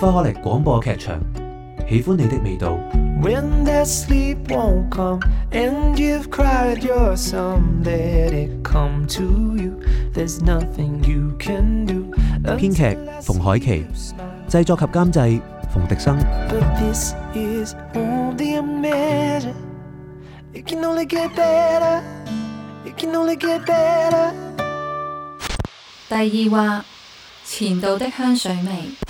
花花力廣播劇場，喜歡你的味道。編劇馮海琪，製作及監製馮迪生。But this is 第二話，前度的香水味。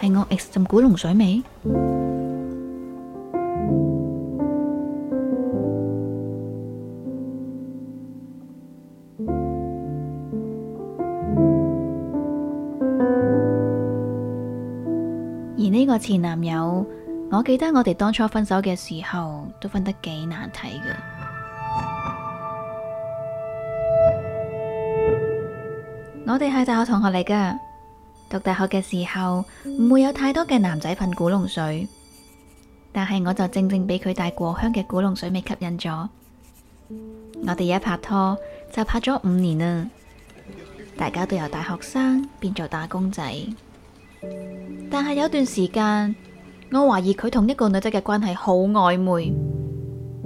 係我 X 陣古龍水味？而呢個前男友，我記得我哋當初分手嘅時候，都分得幾難睇㗎。我哋係大學同學嚟噶。讀大學嘅時候，唔會有太多嘅男仔噴古龍水，但係我就正正俾佢帶過香嘅古龍水味吸引咗。我哋一拍拖就拍咗五年啦，大家都由大學生變做打工仔。但係有段時間，我懷疑佢同一個女仔嘅關係好曖昧。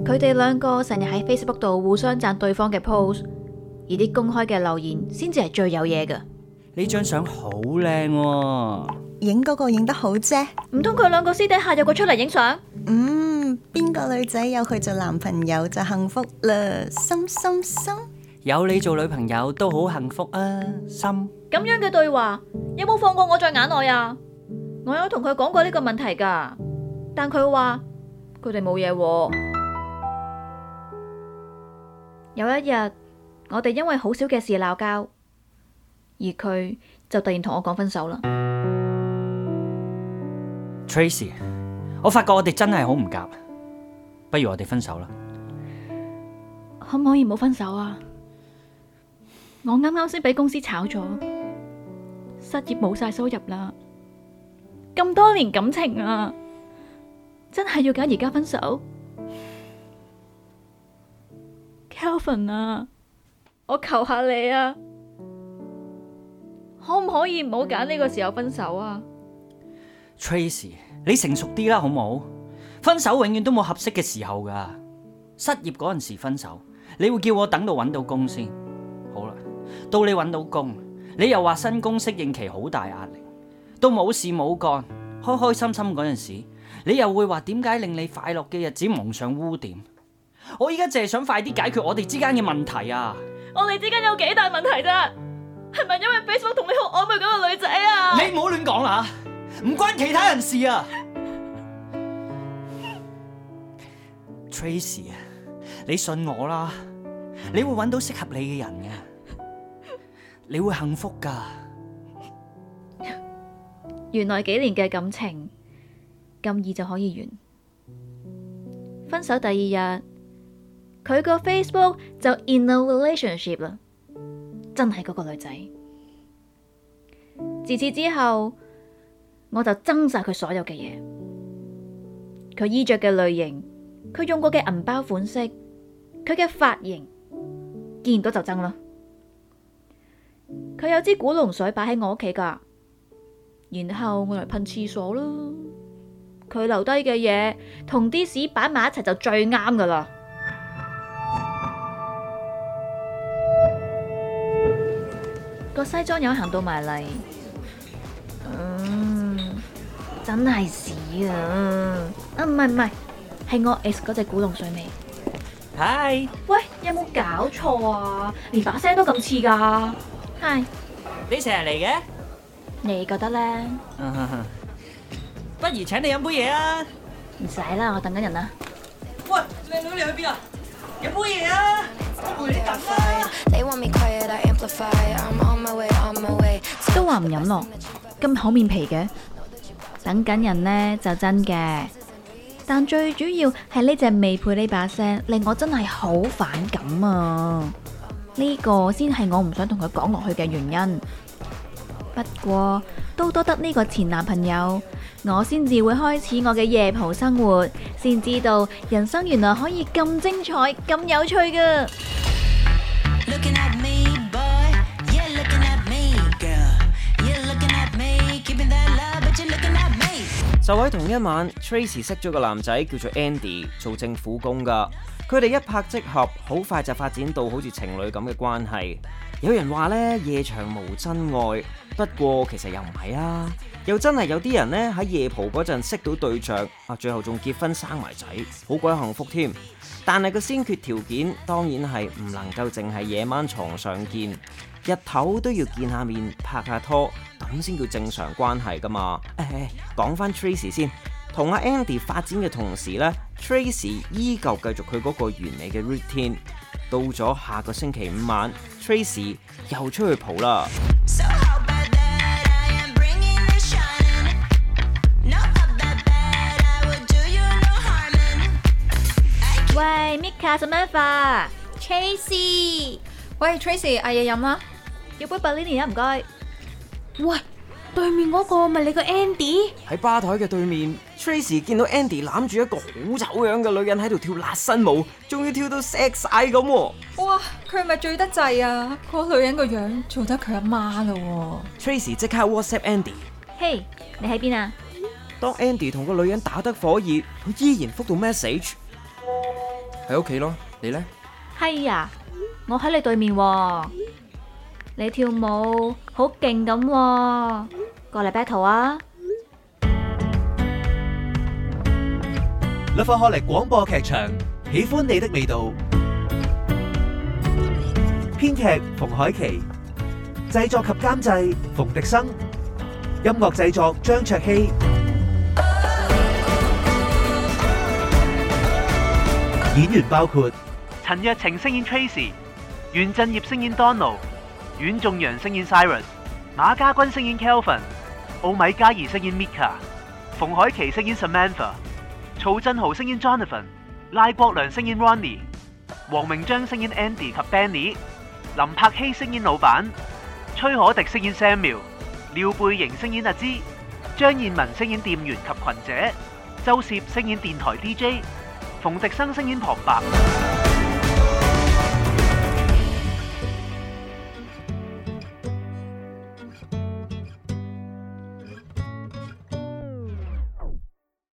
佢哋兩個成日喺 Facebook 度互相讚對方嘅 post，而啲公開嘅留言先至係最有嘢嘅。呢張相好靚喎，影嗰個影得好啫，唔通佢兩個私底下有個出嚟影相？嗯，邊個女仔有佢做男朋友就幸福啦，心心心，有你做女朋友都好幸福啊，心。咁樣嘅對話有冇放過我在眼內啊？我有同佢講過呢個問題㗎，但佢話佢哋冇嘢。有一日，我哋因為好少嘅事鬧交。而佢就突然同我講分手啦。Tracy，我發覺我哋真係好唔夾，不如我哋分手啦。可唔可以冇分手啊？我啱啱先俾公司炒咗，失業冇晒收入啦。咁多年感情啊，真係要揀而家分手？Kelvin 啊，我求下你啊！可唔可以唔好揀呢個時候分手啊？Tracy，你成熟啲啦，好唔好？分手永遠都冇合適嘅時候噶。失業嗰陣時分手，你會叫我等到揾到工先。好啦，到你揾到工，你又話新工適應期好大壓力，到冇事冇幹，開開心心嗰陣時，你又會話點解令你快樂嘅日子蒙上污點？我依家淨係想快啲解決我哋之間嘅問題啊！我哋之間有幾大問題啫？係咪因為？啊！唔關其他人事啊 ，Tracy 啊，你信我啦，你會揾到適合你嘅人嘅，啊，你會幸福噶。 原來幾年嘅感情咁易就可以完，分手第二日，佢個 Facebook 就 in a relationship 啦，真係嗰個女仔。自此之後。我就憎晒佢所有嘅嘢，佢衣着嘅類型，佢用過嘅銀包款式，佢嘅髮型，見到就憎啦。佢有支古龍水擺喺我屋企噶，然後我嚟噴廁所啦。佢留低嘅嘢同啲屎擺埋一齊就最啱噶啦。 個西裝友行到埋嚟， uh 真係屎啊！啊，唔係唔係，係我 S 嗰隻古龍水味。Hi，喂，有冇搞錯啊？連把聲都咁似噶。Hi，你成日嚟嘅？你覺得咧？Uh huh. 不如請你飲杯嘢！啊唔使啦，我等緊人啊！喂，靚女你去邊啊？飲杯嘢！啊我陪你等啊！都話唔飲咯，咁厚面皮嘅。等緊人呢，就真嘅，但最主要係呢隻未配呢把聲令我真係好反感啊！呢個先係我唔想同佢講落去嘅原因。不過都多得呢個前男朋友，我先至會開始我嘅夜蒲生活，先知道人生原來可以咁精彩、咁有趣噶。就喺同一晚，Tracy 識咗個男仔叫做 Andy，做政府工㗎。佢哋一拍即合，好快就發展到好似情侶咁嘅關係。有人話呢夜場無真愛，不過其實又唔係啊。又真係有啲人咧，喺夜蒲嗰陣識到對象啊，最後仲結婚生埋仔，好鬼幸福添。但係個先決條件當然係唔能夠淨係夜晚床上見，日頭都要見下面拍下拖，咁先叫正常關係噶嘛。唉，講翻 Tracey 先，同阿 Andy 發展嘅同時呢，Tracey 依舊繼續佢嗰個完美嘅 routine。到咗下個星期五晚，Tracey 又出去蒲啦。阿 Sammy，Tracy 喂 Tracy 嗌嘢飲啦，Tracy, 要杯 Ballerina 唔該。喂，對面嗰個咪你個 Andy？喺吧台嘅對面 Tracy 見到 Andy 攬住一個好醜樣嘅女人喺度跳辣身舞，終於跳到 sex 晒咁。哇，佢係咪醉得滯啊！嗰個女人個樣做得佢阿媽噶。Tracy 即刻 WhatsApp Andy，嘿，你喺邊啊？Andy, hey, 啊當 Andy 同個女人打得火熱，佢依然覆到 message。喺屋企咯，你咧？係啊，我喺你對面喎。你跳舞好勁咁，過嚟 battle 啊！樂坊學嚟廣播劇場，喜歡你的味道。編劇馮海琪，製作及監製馮迪生，音樂製作張卓希。演員包括陳若晴飾演 Tracy、袁振業飾演 Donald、阮仲陽飾演 Sirus、馬家軍飾演 Kelvin、奧米加二飾演 Mika、馮海琪飾演 Samantha、曹振豪飾演 Jonathan、賴國良飾演 Ronnie、黃明章飾演 Andy 及 Benny、林柏希飾演老闆、崔可迪飾演 Samuel、廖貝瑩飾演阿芝、張燕文飾演店員及群姐、周攝飾演電台 DJ。馮迪生聲演旁白。